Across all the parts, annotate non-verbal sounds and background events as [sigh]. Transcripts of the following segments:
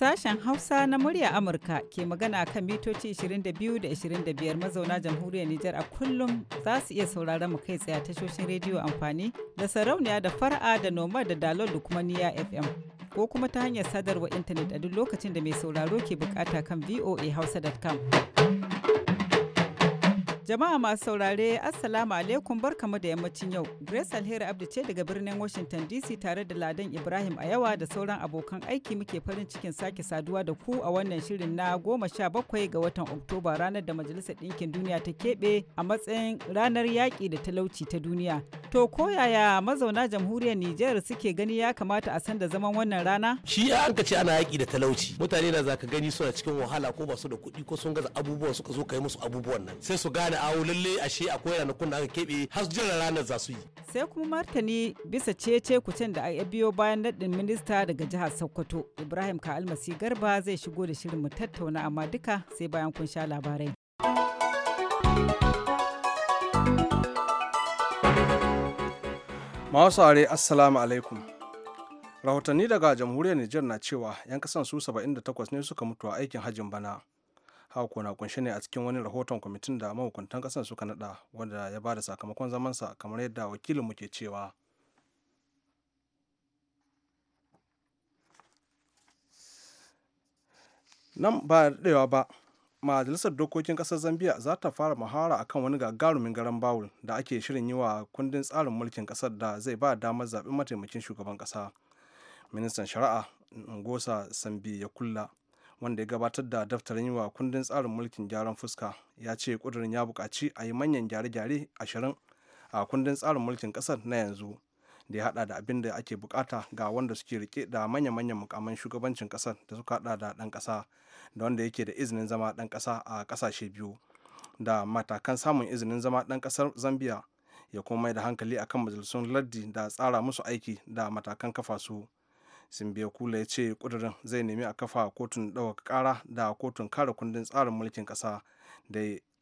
Sashen Hausa na murya Amurka ke magana kan mitoci 22 da 25 mazauna jamhuriyar Nijar a kullum za su iya sauraron mu kai tsaye tashoshin rediyo amfani da sarauniya da fara da noma da dalol da kuma niya FM ko kuma ta hanyar sadarwa intanet a duk lokacin da mai sauraro ke bukata kan VOA voahausa.com. Jama'a masu saurare, Assalamu alaikum barkamu da yammacin yau. Grace Alheri Abdi ce daga birnin Washington DC tare da Ladan Ibrahim a yawa da sauran abokan aiki muke farin cikin sake saduwa da ku a wannan shirin na goma sha bakwai ga watan Oktoba ranar da Majalisar Ɗinkin Duniya ta keɓe a matsayin ranar yaƙi da talauci ta duniya. To koyaya mazauna jamhuriyar Nijar suke gani ya kamata a san da zaman wannan rana? Shi an ana yaƙi da talauci. Mutane na zaka gani suna cikin wahala ko ba su da kuɗi ko sun gaza abubuwan suka zo kai musu abubuwan nan. Sai su gane awo lalle ashe akwai ranakun da aka keɓe har jira ranar za su yi. Sai kuma martani bisa cece kucin da ya biyo bayan naɗin minista daga jihar Sokoto. Ibrahim Ka Almasi Garba zai shigo da shirin mu tattauna amma duka sai bayan kun sha labarai. are Assalamu alaikum. Rahotanni daga jamhuriyar niger na cewa 'yan kasan su 78 ne suka mutu a aikin hajjin bana. haka na kunshi ne a cikin wani rahoton kwamitin da mahukuntan kasar suka nada wanda ya ba da sakamakon zamansa kamar yadda wakilinmu ke cewa nan ba daɗewa ba majalisar dokokin ƙasar zambia za ta fara muhara akan wani gagarumin garan bawul da ake shirin yi wa kundin tsarin mulkin ƙasar da zai ba damar zaɓen mataimakin shugaban ƙasa ministan shari'a ngosa sambi ya kulla wanda ya gabatar da daftarin yi wa kundin tsarin mulkin gyaran fuska ya ce kudurin ya buƙaci a yi manyan gyare-gyare ashirin a kundin tsarin mulkin ƙasar na yanzu da ya haɗa da abin da ake bukata ga wanda suke rike da manya-manyan mukaman shugabancin ƙasar da suka haɗa da ɗan ƙasa da wanda yake da izinin zama ɗan ƙasa a ƙasashe biyu da matakan samun izinin zama ɗan ƙasar zambia ya kuma mai da hankali akan majalisun lardi da tsara musu aiki da matakan kafa su simbiya kula ya ce kudurin zai nemi a kafa kotun ɗaukaka ƙara da kotun kare kundin tsarin mulkin ƙasa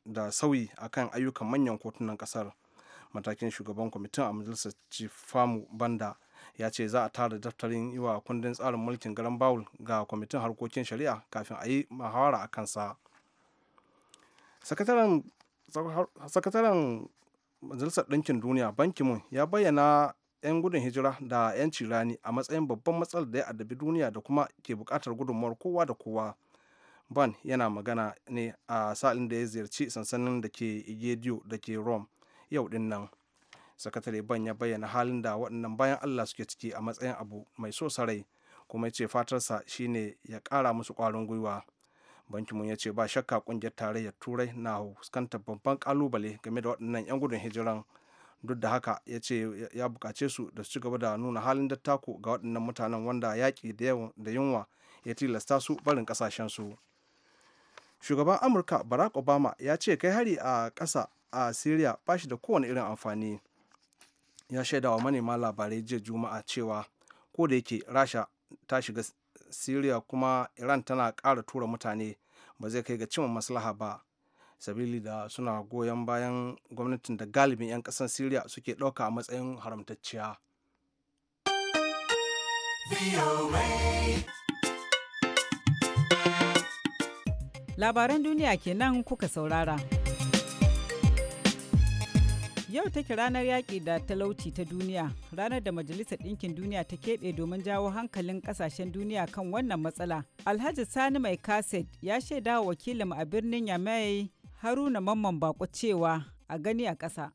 da sauyi a kan ayyukan manyan kotunan ƙasar matakin shugaban kwamitin a majalisar cifamu banda ya ce za a tara daftarin yi wa kundin tsarin mulkin garan bawul ga kwamitin harkokin shari'a kafin a yi mahawara a kansa sakataren majalisar ɗinkin duniya bankinmu ya bayyana 'yan gudun hijira da 'yanci rani a matsayin babban matsalar da ya addabi duniya da kuma ke bukatar gudunmuwar kowa da kowa ban yana magana ne a sa'in da ya ziyarci sansanin da ke igediyo da ke rome yau din nan sakatare ban ya bayyana halin da waɗannan bayan allah suke ciki a matsayin abu mai so sarai kuma ya ce fatarsa shine ya kara musu ƙwarin gwiwa bankinmu ya ce ba shakka kungiyar tarayyar turai na fuskantar babban kalubale game da waɗannan 'yan gudun hijiran duk da haka ya ce ya bukace su da su ci gaba da nuna halin dattako ga waɗannan mutanen wanda yaƙi da yunwa ya tilasta su barin ƙasashen su shugaban amurka barack obama ya ce kai hari a ƙasa a syria ba shi da kowane irin amfani ya shaida wa manema labarai jiya juma'a cewa ko da yake rasha ta shiga syria kuma iran tana ƙara tura mutane ba zai kai ga cimma maslaha ba sabili da suna goyon bayan gwamnatin da galibin 'yan ƙasar syria suke ɗauka a matsayin haramtacciya labaran duniya kenan kuka saurara yau take ranar yaƙi da talauci ta duniya ranar da majalisar ɗinkin duniya ta keɓe domin jawo hankalin ƙasashen duniya kan wannan matsala alhaji sani mai kaset ya shaida wa wakilinmu a birnin yamai Haruna Mamman Bako cewa a gani a ƙasa.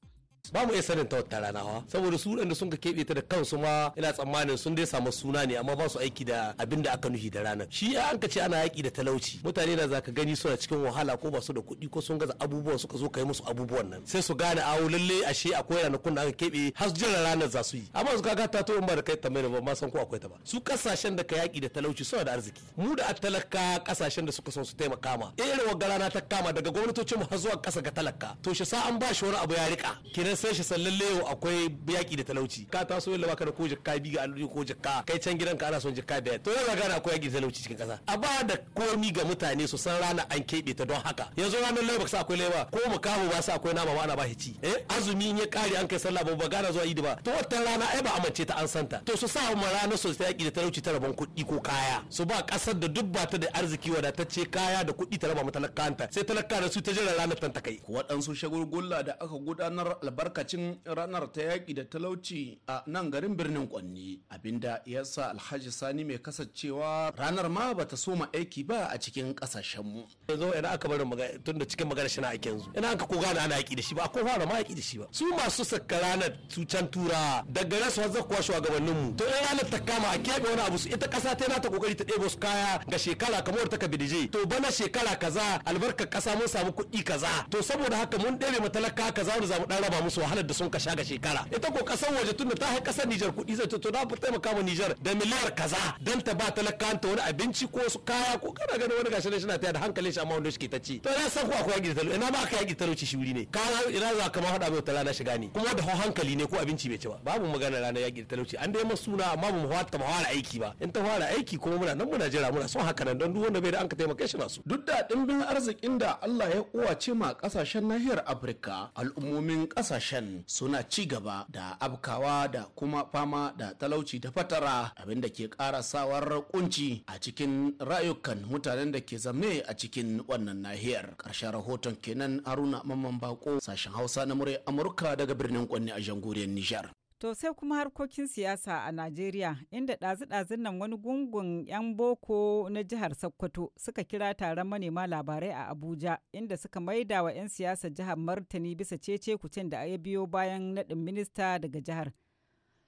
ba mu iya sanin ta wata rana saboda su da sun ka keɓe ta da kansu ma ina tsammanin sun dai samu suna ne amma ba su aiki da abin da aka nuhi da ranar shi an ka ce ana yaƙi da talauci mutane na zaka gani suna cikin wahala ko ba su da kuɗi ko sun gaza abubuwan suka zo kai musu abubuwan nan sai su gane awo lalle ashe akwai ranakun da aka keɓe har su jira ranar za su yi amma su kaga ta to in ba da kai ta mai ba ma san ko akwai ta ba su kasashen da ka yaƙi da talauci suna da arziki mu da talaka kasashen da suka son su taimaka ma irin wa rana ta kama daga gwamnatocin mu har zuwa ƙasa ga talaka to shi sa an ba shi wani abu ya rika can sai shi sallan lewo akwai yaki da talauci ka taso yalla baka da ko jikka bi ga alluji ko jikka kai can gidan ka ana son jikka biyar to yau ga akwai yaki da talauci cikin kasa a ba da komi ga mutane su san rana an keɓe ta don haka yanzu ranar lewa sa akwai lewa ko mukamu ba sa akwai nama ba ana ba shi ci eh azumi ya kare an kai sallah ba ba gana zuwa idi ba to wata rana ai ba amince ta an santa to su sa ma ranar su ta yaki da talauci ta rabon kuɗi ko kaya su ba kasar da duk ba ta da arziki wadatacce kaya da kuɗi ta raba kanta sai talaka da su ta jira ranar tan ta kai waɗansu shagulgulla da aka gudanar albarka albarkacin ranar ta yaƙi da talauci a nan garin birnin Kwanni abinda ya sa Alhaji Sani mai kasancewa ranar ma ba ta soma aiki ba a cikin kasashen mu. Yanzu idan aka bari tun da cikin magana shina ake yanzu. Ina aka koga da ana yaƙi da shi ba A ko fara ma yaƙi da shi ba. Su masu saka ranar su can tura daga nan su hanzu shugabannin mu. To in ranar ta kama a keɓe wani abu su ita ƙasa ta yana ta kokari ta ɗebo su kaya ga shekara kamar ta kabidije. To bana shekara kaza albarkar ƙasa mun samu kuɗi kaza. To saboda haka mun ɗebe matalaka kaza wanda za mu ɗan raba mu su wahalar da sun ka shaga shekara ita ko kasar waje tunda ta haika kasar Nijar kuɗi zai to na taimaka ma Nijar da miliyar kaza dan ta ba talakanta wani abinci ko su kaya ko kana ganin wani gashi shi na taya da hankalin shi amma wanda shi ke ta ci to na san ko akwai yaki ina ba ka yaki talauci shi wuri ne ka ina za ka ma faɗa mai tala na shiga ne kuma da hankali ne ko abinci bai ci ba babu magana ranar yaki talauci an dai masu suna amma mu ta mu fara aiki ba in ta fara aiki kuma muna nan muna jira muna son haka nan dan duk wanda bai da an ka taimake shi na su duk da dimbin arzikin da Allah ya kowace ma kasashen nahiyar Afirka al'ummomin kasashen kasashen suna ci gaba da abkawa da kuma fama da talauci da fatara abinda ke ƙara sawar kunci a cikin rayukan mutanen da ke zamne a cikin wannan nahiyar ƙarshen rahoton kenan haruna mamman bako sashen hausa na murya amurka daga birnin kwanne a jangoriyar nijar To sai kuma harkokin siyasa a Najeriya inda ɗazu-ɗazun nan wani gungun 'yan boko na jihar Sokoto suka kira taron manema labarai a Abuja inda suka maida wa 'yan siyasa jihar martani bisa cece kucin da ya biyo bayan naɗin minista daga jihar.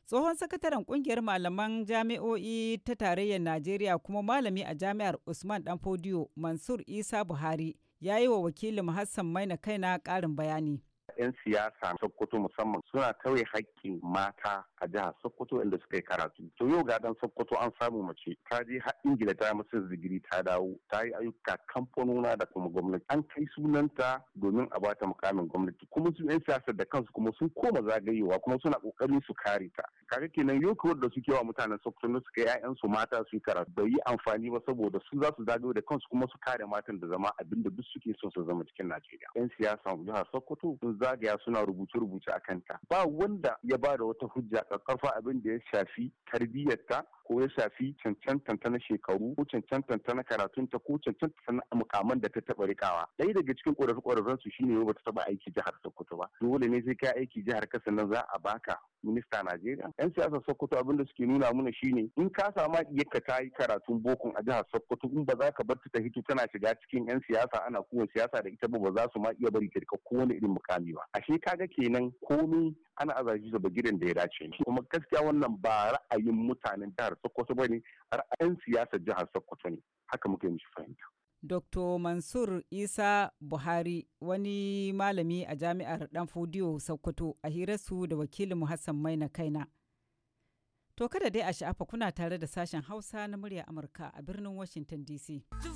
Tsohon sakataren kungiyar malaman jami'o'i ta tarayyar Najeriya kuma malami a jami'ar Usman Danfodiyo Mansur Isa Buhari ya yi wa wakilin Hassan Maina kaina ƙarin bayani. 'yan siyasa Sokoto musamman suna tauye haƙƙin mata a jihar Sokoto inda suka yi karatu. To yau ga dan Sokoto an samu mace ta je har Ingila ta musu zigiri ta dawo ta yi ayyuka kamfanona da kuma gwamnati. An kai sunanta domin a bata mukamin gwamnati kuma su 'yan siyasa da kansu kuma sun koma zagayewa kuma suna ƙoƙarin su kare ta. Kaga kenan yau kawai da suke wa mutanen Sokoto na suka yi su mata su yi karatu bai yi amfani ba saboda su za su zagayo da kansu kuma su kare matan da zama abinda duk suke so su zama cikin Najeriya. 'Yan siyasa jihar Sokoto zagaya suna rubuce-rubuce a kanta ba wanda ya ba da wata hujja ƙarƙarfa abin da ya shafi tarbiyyarta ko ya shafi cancantanta na shekaru ko cancantanta na karatunta ko cancantanta na mukaman da ta taɓa rikawa ɗaya daga cikin ƙorafe-ƙorafen su shine ba ta taɓa aiki jihar Sokoto ba dole ne sai ka aiki jihar ka sannan za a baka minista Najeriya. 'Yan siyasar Sokoto abin da suke nuna mana shine in ka sama ka ta yi karatun bokun a jihar Sokoto in ba za ka bar ta hito tana shiga cikin 'yan siyasa ana kuwan siyasa da ita ba ba za su ma iya bari ta kowane irin mukami a shi kaga kenan komi ana azaji da gidan da ya dace kuma gaskiya wannan ba ra'ayin mutanen jihar sokoto ba ne ra'ayin siyasar jihar sokoto ne haka muke mishi fahimta Dr. Mansur Isa Buhari wani malami a jami'ar Danfodiyo Sokoto a hirarsu da wakilin Hassan Maina Kaina. To kada dai a sha'afa kuna tare da sashen Hausa na murya Amurka a birnin Washington DC. The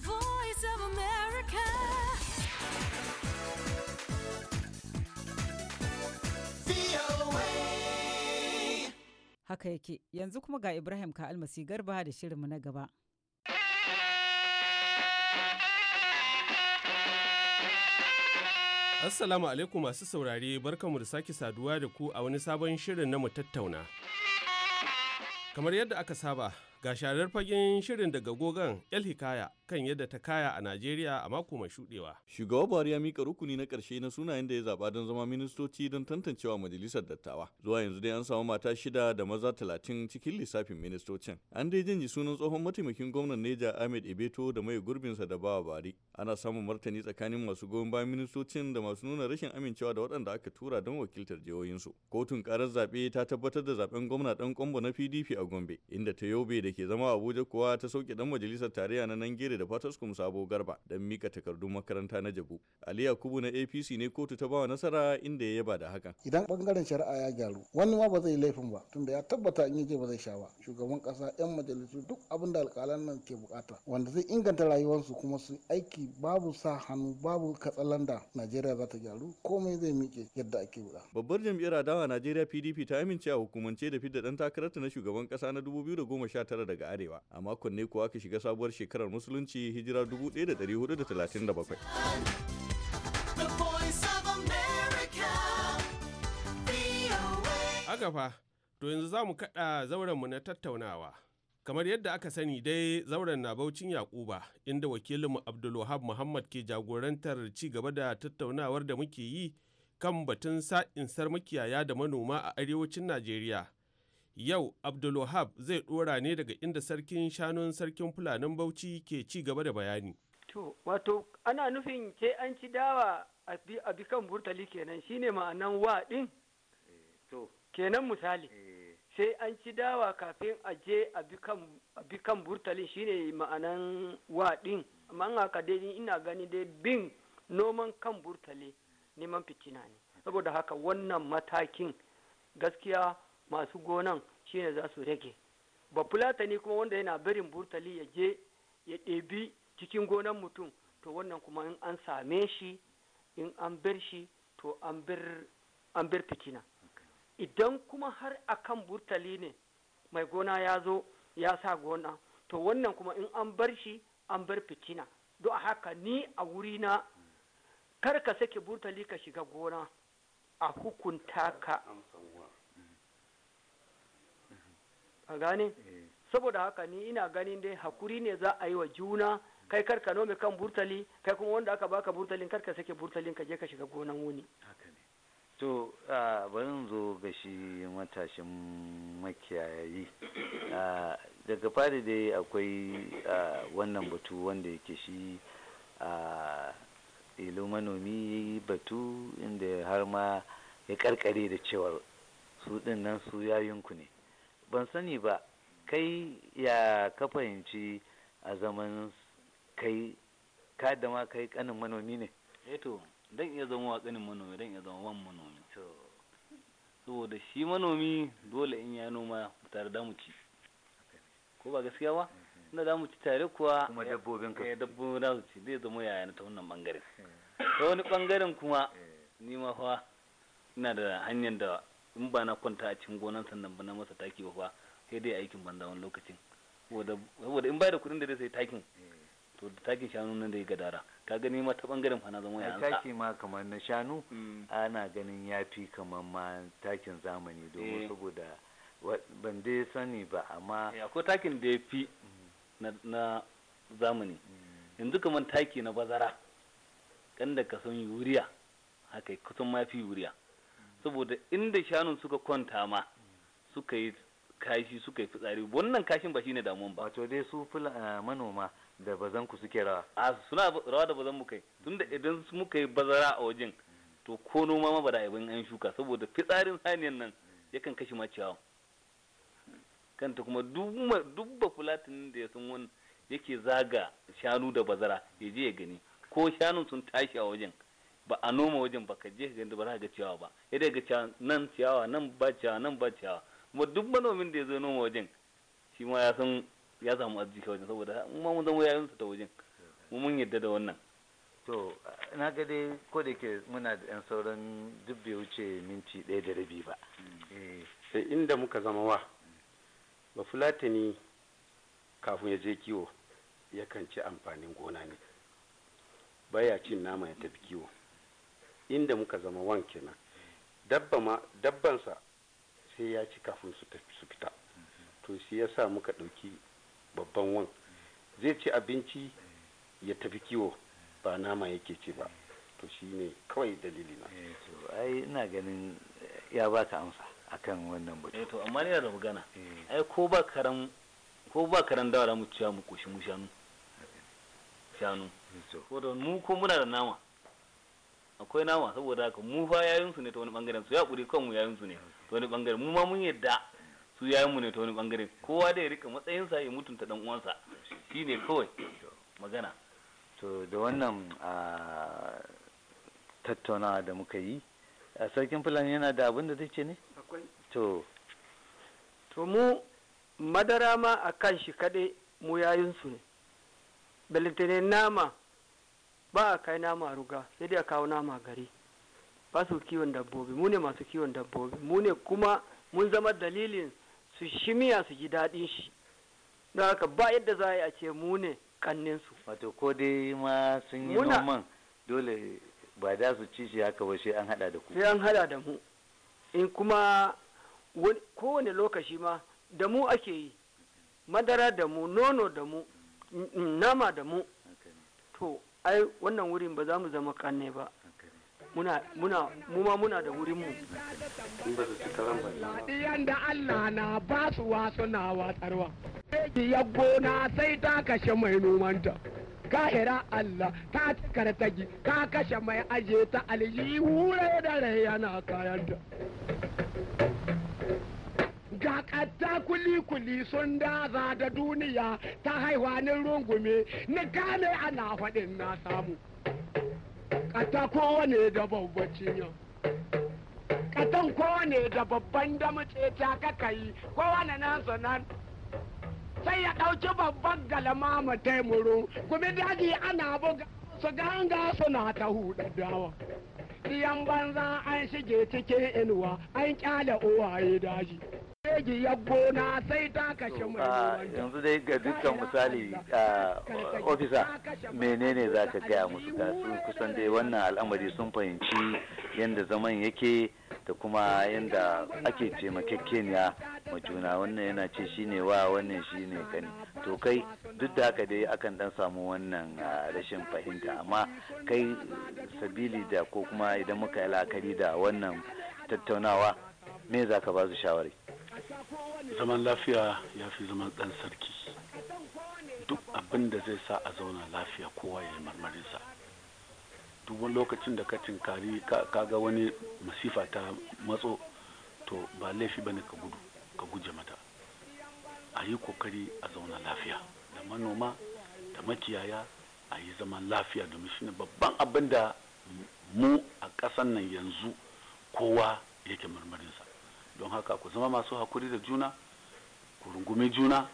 haka yake yanzu kuma ga ibrahim ka almasi garba da shirinmu na gaba assalamu alaikum masu saurare barkanmu da sake saduwa da ku a wani sabon shirin na mu tattauna kamar yadda aka saba Ga sharar fagen shirin daga gogon El Hikaya kan yadda ta kaya a Najeriya a mako mai shudewa. Shugaba Buhari ya mika rukuni na karshe na sunayen da ya zaba don zama ministoci don tantancewa majalisar dattawa. Zuwa yanzu dai an samu mata shida da maza talatin cikin lissafin ministocin. An dai janyi sunan tsohon mataimakin gwamnan Neja Ahmed Ebeto da mai gurbinsa da bawa bari Ana samun martani tsakanin masu goyon bayan ministocin da masu nuna rashin amincewa da waɗanda aka tura don wakiltar jihohinsu. Kotun karar zaɓe ta tabbatar da zaɓen gwamna ɗan kwambo na PDP a Gombe, inda ta yobe da da ke zama Abuja kuwa ta sauke dan majalisar tarayya na Nangere da Fataskum Sabo Garba don mika takardun makaranta na Jabu. Ali Yakubu na APC ne kotu ta bawa nasara inda ya yaba da hakan. Idan bangaren shari'a ya gyaru, wani ma ba zai laifin ba tunda ya tabbata in yaje ba zai sha ba. Shugaban kasa, yan majalisu duk abin da alƙalan nan ke bukata wanda zai inganta rayuwarsu kuma su aiki babu sa hannu babu katsalanda Najeriya za ta gyaru komai zai miƙe yadda ake buɗa. Babbar jam'iyyar adawa Najeriya PDP ta amince a hukumance da fidda dan takararta na shugaban kasa na 2019 1999 daga arewa a makon ne kuwa aka shiga sabuwar shekarar musulunci hijira 1437 Aga to yanzu za mu kaɗa zaurenmu na tattaunawa. Kamar yadda aka sani dai zauren na Baucin Yakuba inda wakilinmu Abdulwahab Muhammad ke jagorantar ci gaba da tattaunawar da muke yi kan batun sa'in makiyaya da manoma a arewacin Najeriya Yau Abdulwahab zai ɗora ne daga inda sarkin shanun sarkin Fulanin Bauchi ke ci gaba da bayani. To, wato ana nufin sai an ci dawa a bi kan burtali kenan shine ma'anan wa din eh, Kenan misali. Eh. Sai an ci dawa kafin a je a bi kan burtali shine ma'anan wa din Amma haka dai ina gani dai bin noman kan burtali neman fitina ne. Saboda haka wannan matakin gaskiya masu gonan shine za su rage ba fulatani kuma wanda yana barin burtali ya je ya ɗebi cikin gonan mutum to wannan kuma in an same shi in an bar shi to an bar fitina idan kuma har akan burtali ne mai gona ya zo ya sa gona to wannan kuma in an bar shi an bar fitina a haka ni a wurina kar ka sake burtali ka shiga gona a hukunta ka a gane eh. saboda haka ni ina ganin dai hakuri ne za a yi wa juna kai kar ka nome kan burtali kai kuma wanda aka baka burtalin kar ka sake burtalin ka je ka shiga gonan wuni haka ne to bari zo ga shi matashin makiyayi [coughs] daga fari dai akwai wannan batu wanda yake shi a ilu manomi batu inda har ma ya karkare da cewar su din nan su yayinku ne ban sani ba kai ya ka fahimci a zaman kai ka da ma kai kanin manomi ne eto eh dan iya zama kanin manomi dan iya zama wan manomi saboda shi manomi dole in ya noma tare da mu ci ko ba gaskiya ba mhm. na da mu ci tare kuwa kuma dabbobin ka eh, dabbobin da su ci zai zama yaya na ta wannan bangaren ta wani bangaren kuma eh. ni ma fa ina da hanyar da in ba na kwanta a cikin gonan sannan ba na masa taki ba sai dai aikin banza wani lokacin saboda in bai da kuɗin da zai sai takin to da takin shanu nan da ya gadara ka gani ma ta bangaren fa na zama ya taki ma kamar na shanu mm. ana ganin fi kamar ma takin zamani domin eh. saboda ban dai sani ba amma eh, akwai takin da ya fi na zamani mm. yanzu kamar taki na bazara kan da ka san yuriya haka kusan ma fi yuriya saboda inda shanun suka kwanta ma suka yi kashi suka yi fitsari wannan kashin ba shine damuwan ba wato dai su eh, manoma da bazan ku suke rawa a suna rawa da bazan mu kai tunda idan muka yi bazara a wajen to ko noma ma ba da abin an shuka saboda fitsarin saniyan nan yakan kashe ma ciyawa kanta kuma duk ba fulatin da ya san wani yake zaga shanu da bazara ya je ya gani ko shanun sun tashi a wajen ba a noma wajen ba ka je ka gani ba za ka ga ciyawa ba ya ga ciyawa nan ciyawa nan ba ciyawa nan ba ciyawa kuma duk manomin da ya zo noma wajen shi ma ya san ya samu arziki wajen saboda ma mun zama yayin ta wajen mu mun yadda da wannan to na ga dai ko da ke muna da yan sauran duk bai wuce minti ɗaya da rabi ba eh. sai inda muka zama wa ba fulatani kafin ya je kiwo yakan ci amfanin gona ne baya cin nama ya tafi kiwo inda muka zama wan kenan dabba ma dabbansa sai ya ci kafin su tafi su fita to shi ya sa muka ɗauki babban wan zai ci abinci ya tafi kiwo ba nama yake ci ba to shi ne kawai dalili na eh, ai ina ganin ya ka amsa akan wannan batu eh, to amma ni da magana eh. ai ko ba karam ko ba karan dawara mu ciya mu koshi mu shanu shanu ko da mu ko muna da nama akwai nama saboda haka mu fa yayin su ne ta wani bangaren su ya kuri kan mu yayin su ne ta wani bangaren mu ma mun yadda su yayin mu ne ta wani bangaren kowa da ya rika matsayin sa ya mutunta dan uwansa shine kawai magana to da wannan a tattaunawa da muka yi a sarkin fulani yana da abin da zai ce ne akwai to to mu madara ma a kan shi kade mu yayin su ne belitane nama ba a kai nama ruga sai dai a kawo nama gari ba su kiwon dabbobi mu ne masu kiwon dabbobi mu ne kuma mun zama dalilin su shimiya su ji daɗin shi don haka ba yadda za a ce mu ne su wato ko dai ma sun yi noman dole ba da su ci shi haka ba sai an hada da ku sai an hada da mu in kuma kowane lokaci ma da mu ake yi madara da mu nono da mu nama da mu to ai wannan wurin ba za mu zama kanne ba muna muna mu ma muna da wurin mu diyan da Allah na ba su wasu na watsarwa ya gona sai ta kashe mai nomanta kahira Allah ta kartagi ka kashe mai aje ta aljihu da rayana kayanta ga kulikuli kuli-kuli sun daza da duniya ta haihuwanin rungume na gane ana faɗin na samu ƙatta kowane da babbacin yau ƙatan kowane da babban da mace ta kaka yi kowane nan sai ya ɗauki babban galama mu taimuru kuma daji ana buga su ganga suna ta dawa. Diyan banza an shige cikin inuwa an kyale uwaye daji. Ah, yanzu dai ga dukkan misali a ah, ofisa menene za ka gaya musu ga sun kusan dai wannan al'amari sun fahimci yadda zaman yake da kuma yadda ake taimakekeniya ma juna wannan yana ce shine wa wannan shine kani to kai duk da haka dai akan dan samu wannan ah, rashin fahimta amma kai sabili da ko kuma idan muka yi la'akari da wannan tattaunawa me za ka ba su shawari zaman lafiya ya fi zaman ɗan sarki duk abin da zai sa a zauna lafiya kowa ya yi marmarinsa duk wani lokacin da ka tinkari kaga wani masifa ta matso to ba laifi bane ka gudu ka guje mata a yi kokari a zauna lafiya da manoma da makiyaya a yi zaman lafiya domin shine babban abin da mu a ƙasan nan yanzu kowa yake marmarinsa don haka ku zama masu hakuri da juna ku rungume juna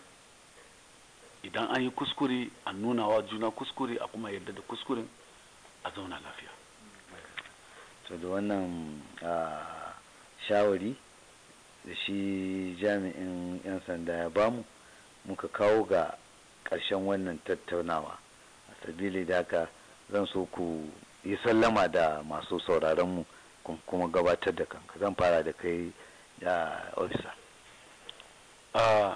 idan an yi kuskure a nunawa juna kuskure a kuma yarda da kuskuren a zauna lafiya to da wannan shawari da shi jami'in 'yan sanda ya bamu muka kawo ga ƙarshen wannan tattaunawa a sabili da haka zan so ku yi sallama da masu sauraronmu kuma gabatar da kanka zan fara da kai ya ofisa ah,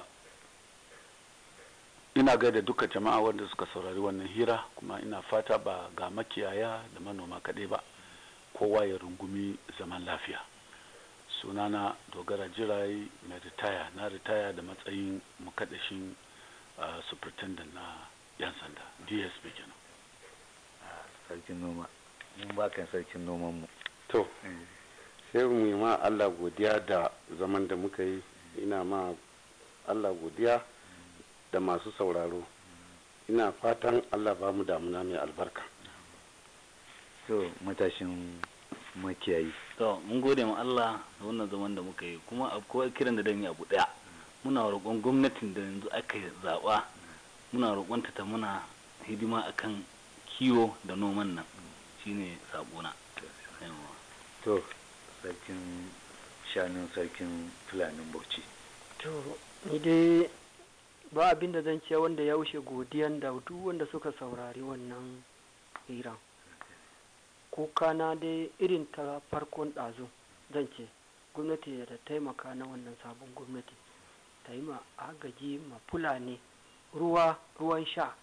ina gaida duka jama'a wanda suka saurari wannan hira kuma ina fata ba ga makiyaya da manoma kaɗai ba kowa ya rungumi zaman lafiya sunana dogara jirayi mai ritaya na ritaya da matsayin mukaddashin uh, superintendent na yan sanda dsp kenan ah, sarkin noma mun bakan sarkin noman mu to eh. sai mu yi ma allah godiya da zaman da muka yi ina ma allah godiya da masu sauraro ina fatan allah ba mu damuna mai albarka So matashin makiyayi to mun gode ma allah da wannan zaman da muka yi kuma akwai kiran da dan yi abu daya muna roƙon gwamnatin da yanzu aka zaɓa muna roƙon ta muna hidima akan kiwo da noman nan shine sabona to sarkin shanun sarkin fulanin bauchi to ni dai ba abin da zan ce wanda ya wuce godiyan da duk wanda suka saurari wannan hiran kuka na dai irin ta farkon ɗazu zan ce gwamnati da taimaka na wannan sabon gwamnati ta yi ma agaji ma fulani ruwa ruwan sha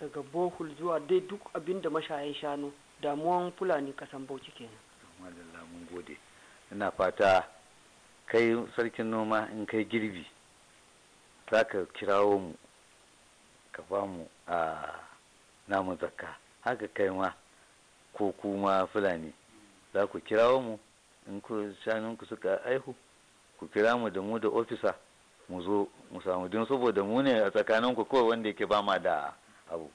daga bohul zuwa dai duk abinda da mashayan shanu damuwan fulani kasan bauchi kenan madalla mun gode ina fata kai sarkin noma in kai girbi za ka kirawo mu ka ba mu a namu zakka haka kai ma ko kuma fulani za ku kirawo mu in ku shanunku suka aihu ku kira mu da mu da ofisa mu zo mu samu don saboda mu ne a tsakaninku kawai wanda yake ba ma da abu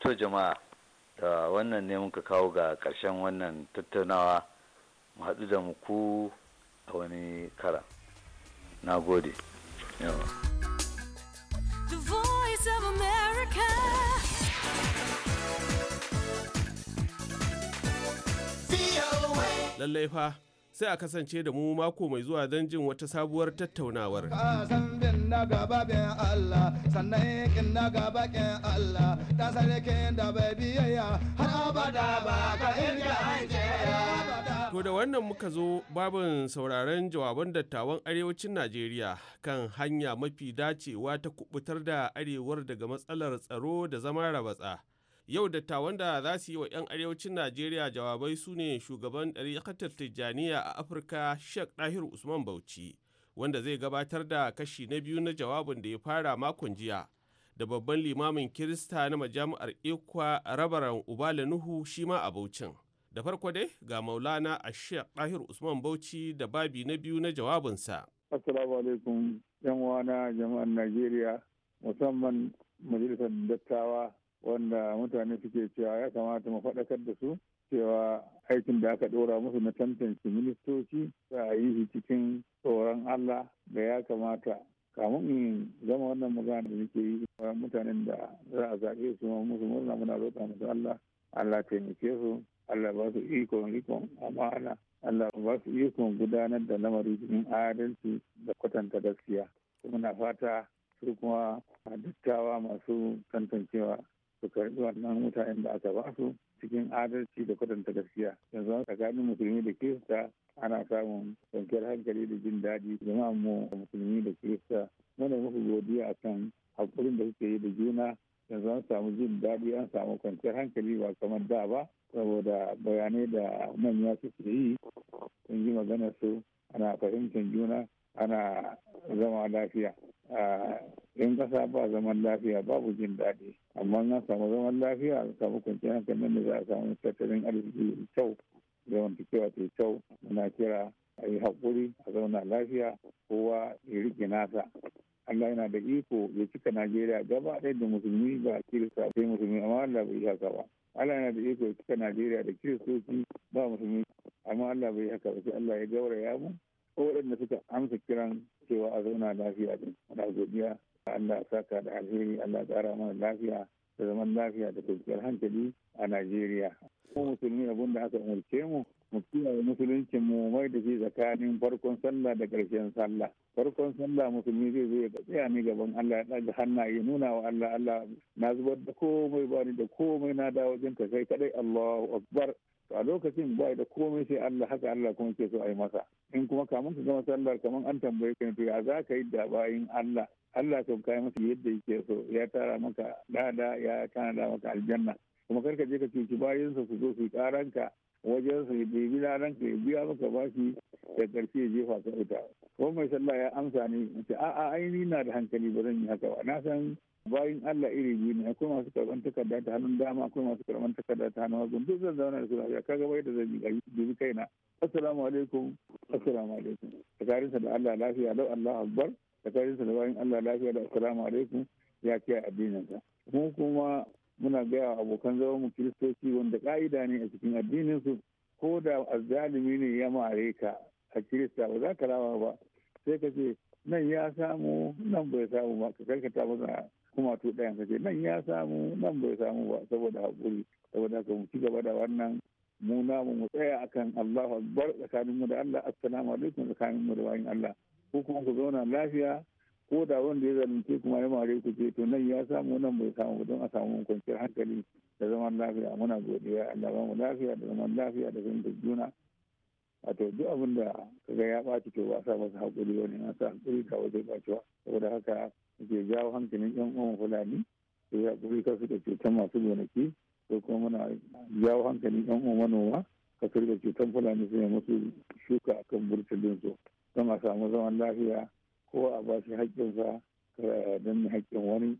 to jama'a da wannan ne muka kawo ga ƙarshen wannan tattaunawa mu haɗu da mu ku a wani kara na gode yawa lallai fa sai a kasance da mu mako mai zuwa don jin wata sabuwar tattaunawar. To da wannan muka zo babin sauraron jawaban dattawan arewacin Najeriya kan hanya mafi dacewa ta kubutar da arewar daga matsalar tsaro da zama rabatsa. Yau dattawan da za su yi wa 'yan arewacin Najeriya jawabai su ne shugaban ɗariƙatar Tijjaniya a Afirka Sheikh Ɗahir Usman Bauchi, wanda zai gabatar da kashi na biyu na jawabin da ya fara makon jiya. Da babban limamin Kirista na majami'ar Ikwa Rabaran Ubala Nuhu shi ma a Baucin. Da farko dai ga Maulana a Sheikh Ɗahir Usman Bauchi da babi na biyu na jawabinsa. Assalamu alaikum 'yan wana jama'ar Najeriya musamman majalisar dattawa wanda mutane suke cewa ya kamata mu faɗakar da su cewa aikin da aka ɗora musu na tantance ministoci za a yi shi cikin tsoron Allah da ya kamata kamun in zama wannan magana da muke yi mutanen da za a zaɓe su ma musu murna muna roƙa musu Allah Allah taimake su Allah ba su ikon ikon amana Allah ba su ikon gudanar da lamari cikin adalci da kwatanta gaskiya kuma na fata su kuma dattawa masu tantancewa su karɓi wannan mutanen da aka ba su cikin adalci da kwatanta gaskiya yanzu tsakanin musulmi da kirista ana samun kwanciyar hankali da jin daɗi jama'an mu musulmi da kirista muna muku godiya akan hakurin da suke yi da juna yanzu an samu jin daɗi an samu kwanciyar hankali ba kamar da ba saboda bayanai da manya suke yi sun yi magana su ana fahimtar juna ana zama lafiya ah, in kasa ba zaman lafiya babu jin daɗi amma na samu zaman lafiya a samu kwanciyar hankalin da za a samu tattalin arziki kyau zamantakewa ta kyau muna kira a yi haƙuri a zauna lafiya kowa ya riƙe nasa Allah yana da iko ya cika Najeriya gaba ɗaya da musulmi ba kirista sai musulmi amma Allah bai haka ba Allah yana da iko ya cika Najeriya da kiristoci ba musulmi amma Allah bai haka ba sai Allah ya gauraya mu waɗanda suka amsa kiran cewa a zauna lafiya ne muna godiya Allah saka da alheri Allah tsara mana lafiya da zaman lafiya da kwanciyar hankali a Najeriya. Ko musulmi abin da aka umarce mu mu kiyaye musuluncin mu mai da shi tsakanin farkon sallah da ƙarshen sallah. Farkon sallah musulmi zai zo ya tsaya ne gaban Allah ya ɗaga hannaye nuna wa Allah Allah na zubar da komai bani da komai na dawo jinka kai kadai Allahu Akbar. to a lokacin ba da komai sai Allah haka Allah kuma ke so a yi masa in kuma kamun ka gama sallar kaman an tambaye ka to ya za ka yi da bayin Allah Allah to kai masa yadda yake so ya tara maka dada ya da maka aljanna kuma karka je ka cuci bayansa su zo su karanka wajen su bila ran ka biya maka bashi da karfi ya jefa ka wuta. Kuma mai sallah ya amsa ni ce a'a aini na da hankali ba zan yi haka ba na san bayan Allah iri biyu ne akwai masu karban takarda ta hannun dama akwai masu karban takarda ta hannun hagu duk zan zauna da su lafiya kaga bai da zan yi dubi kaina assalamu alaikum assalamu alaikum tsakaninsa da Allah lafiya lau Allah akbar tsakaninsa da bayan Allah lafiya da assalamu alaikum ya addinin ka. mu kuma muna gaya wa abokan zaman mu kiristoci wanda ka'ida ne a cikin addinin su ko da azzalimi ne ya mare ka a kirista ba za ka rawa ba sai ka ce nan ya samu nan bai samu ba ka karkata masa kuma to ɗayan kace nan ya samu nan bai samu ba saboda haƙuri saboda haka mu ci gaba da wannan mu namu mu tsaya akan Allahu Akbar tsakanin mu da Allah assalamu alaikum tsakanin mu da bayin Allah ko kuma ku zauna lafiya ko da wanda ya zalunce kuma ya mare ku ce to nan ya samu nan bai samu don a samu kwanciyar hankali da zaman lafiya muna godiya Allah ba mu lafiya da zaman lafiya da fahimtar juna wato duk abin da kaga ya ɓaci to ba sa masa haƙuri wani na sa haƙuri ka wajen ɓacewa saboda haka ke jawo hankalin yan uwan fulani su ya kuri kasu da cutar masu gonaki ko kuma muna jawo hankalin yan uwan manoma kasu da cutar fulani su musu shuka kan burtulin su don a samu zaman lafiya ko a ba shi sa don haƙƙin wani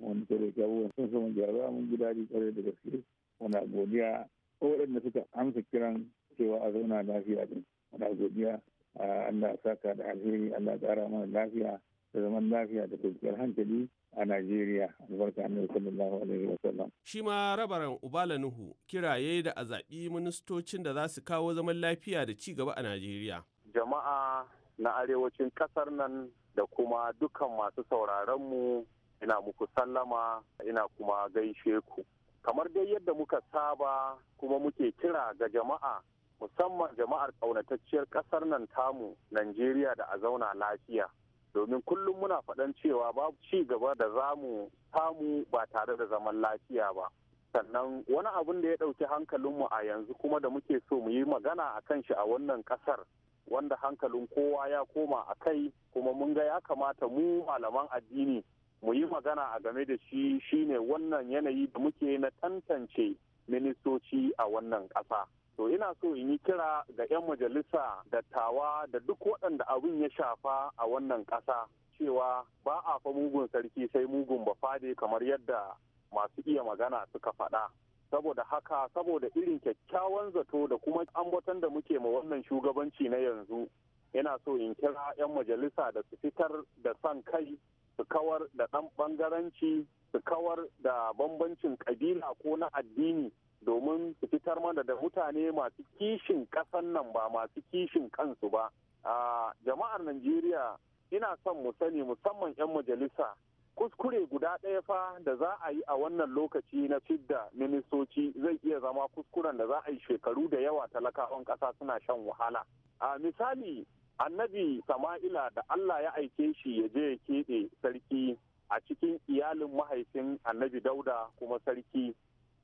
wani kare kawo sun sama gyara mun gida daɗi kare da gaske muna godiya waɗanda suka amsa kiran cewa a zauna lafiya din muna godiya Allah saka da alheri Allah ƙara mana lafiya da zaman lafiya da kwanciyar hankali a Najeriya albarka annabi sallallahu alaihi wa sallam. Shi ma rabaran Ubala Nuhu kiraye da a zaɓi ministocin da za su kawo zaman lafiya da ci gaba a Najeriya. Jama'a na arewacin kasar nan da kuma dukkan masu sauraron mu ina muku sallama ina kuma gaishe ku. Kamar dai yadda muka saba kuma muke kira ga jama'a musamman jama'ar ƙaunatacciyar ƙasar nan tamu Najeriya da a zauna lafiya. domin kullum muna faɗan cewa babu ci gaba da za mu samu ba tare da zaman lafiya ba sannan wani abin da ya ɗauki hankalinmu a yanzu kuma da muke so mu yi magana a kan shi a wannan ƙasar wanda hankalin kowa ya koma a kai kuma mun ga ya kamata mu malaman addini mu yi magana a game da shi shine wannan yanayi da muke na tantance ministoci a wannan ƙasa. To ina so in yi kira ga 'yan majalisa dattawa da duk waɗanda abin ya shafa a wannan ƙasa cewa ba a fa mugun sarki sai mugun bafade kamar yadda masu iya magana suka faɗa. Saboda haka saboda irin kyakkyawan zato da kuma ambaton da muke ma wannan shugabanci na yanzu ina so in kira 'yan majalisa da su fitar da san kai su kawar da ɗan ɓangaranci su kawar da bambancin ƙabila ko na addini domin su fitar mana da mutane masu kishin ƙasan nan ba masu kishin kansu ba a jama'ar najeriya ina son mu sani musamman 'yan majalisa kuskure guda ɗaya fa da za a yi a wannan lokaci na fidda ministoci zai iya zama kuskuren da za a yi shekaru da yawa talakawan ƙasa suna shan wahala a misali annabi sama'ila da allah ya aike shi ya je ya keɓe sarki a cikin iyalin mahaifin annabi dauda kuma sarki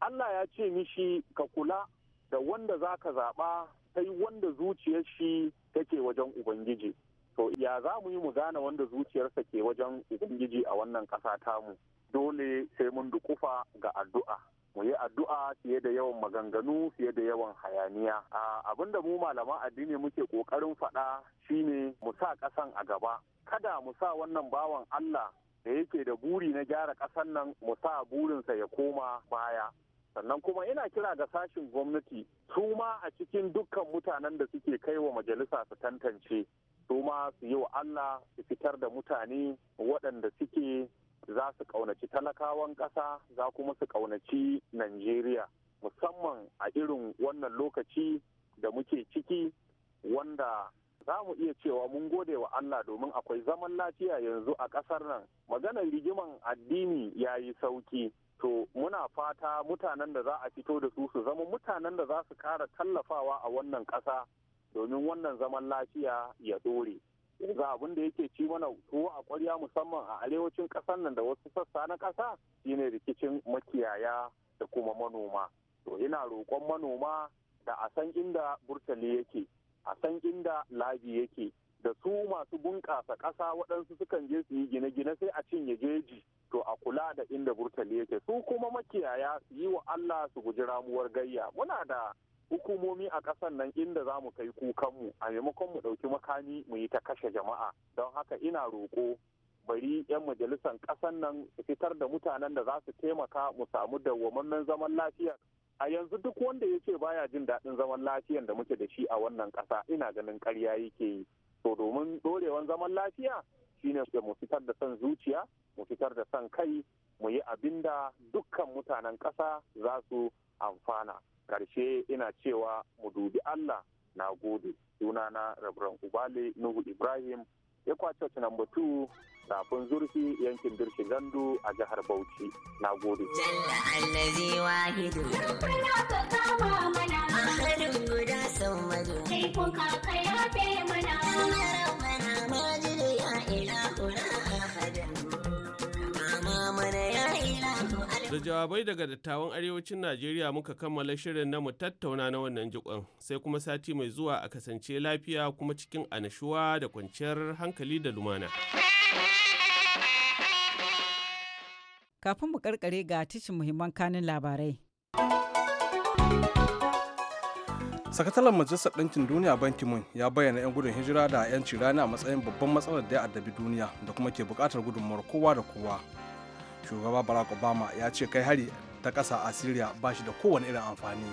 Allah ya ce mishi ka kula da wanda za ka zaɓa sai wanda zuciyar shi take wajen Ubangiji. To ya za mu yi mu gane wanda zuciyarsa ke wajen Ubangiji a wannan ƙasa tamu. Dole sai mun dukufa ga addu'a. Mu yi addu'a fiye da yawan maganganu fiye da yawan hayaniya. Abin da mu malaman addini muke ƙoƙarin faɗa shine mu sa ƙasan a gaba. Kada mu sa wannan bawan Allah da yake da buri na gyara ƙasan nan mu sa burinsa ya koma baya. sannan kuma ina kira ga sashin gwamnati su ma a cikin dukkan mutanen da suke kai wa majalisa su tantance su ma su yi wa Allah su fitar da mutane waɗanda suke za su ƙaunaci talakawan ƙasa za kuma su ƙaunaci Najeriya musamman a irin wannan lokaci da muke ciki wanda za mu iya cewa mun gode wa Allah domin akwai zaman lafiya yanzu a ƙasar nan maganar rigiman addini ya yi sauki to ana fata mutanen da za a fito da su su zama mutanen da za su kara tallafawa a wannan ƙasa domin wannan zaman lafiya ya dore yanzu abin da yake ci mana tuwo a ƙwarya musamman a arewacin ƙasar nan da wasu sassa na ƙasa shine rikicin makiyaya da kuma manoma to ina roƙon manoma da a san inda burtali yake a san inda labi yake da su masu bunƙasa ƙasa waɗansu sukan je su yi gine-gine sai a cinye jeji to a kula da inda burtali yake su kuma makiyaya su yi wa Allah su guji ramuwar gayya muna da hukumomi a ƙasan nan inda za mu kai kukanmu a maimakon mu ɗauki makami mu yi ta kashe jama'a don haka ina roƙo bari 'yan majalisar ƙasan nan su fitar da mutanen da za su taimaka mu samu dawwamammen zaman lafiya a yanzu duk wanda ya ce baya jin daɗin zaman lafiyan da muke da shi a wannan ƙasa ina ganin ƙarya yake yi to domin dorewan zaman lafiya shine da mu fitar da son zuciya mu fitar da son kai mu yi abin da dukkan mutanen ƙasa za su amfana ƙarshe ina cewa mu dubi allah na gode sunana rabran ubale nuhu ibrahim ya kwace number 2 safin zurfi yankin birkin gandu a jihar bauchi na gode Da jawabai daga dattawan arewacin Najeriya muka kammala shirin na mu tattauna na wannan jikon sai kuma sati mai zuwa a kasance lafiya kuma cikin anashuwa da kwanciyar hankali da lumana. Kafin mu karkare ga tishin muhimman kanin labarai. sakataren majalisar ɗinkin duniya Banki Mun ya bayyana 'yan gudun hijira da 'yanci rani a matsayin babban matsalar da ya addabi duniya da kuma ke buƙatar gudunmuwar kowa da kowa shugaba barack obama ya ce kai hari ta ƙasa a siriya ba shi da kowane irin amfani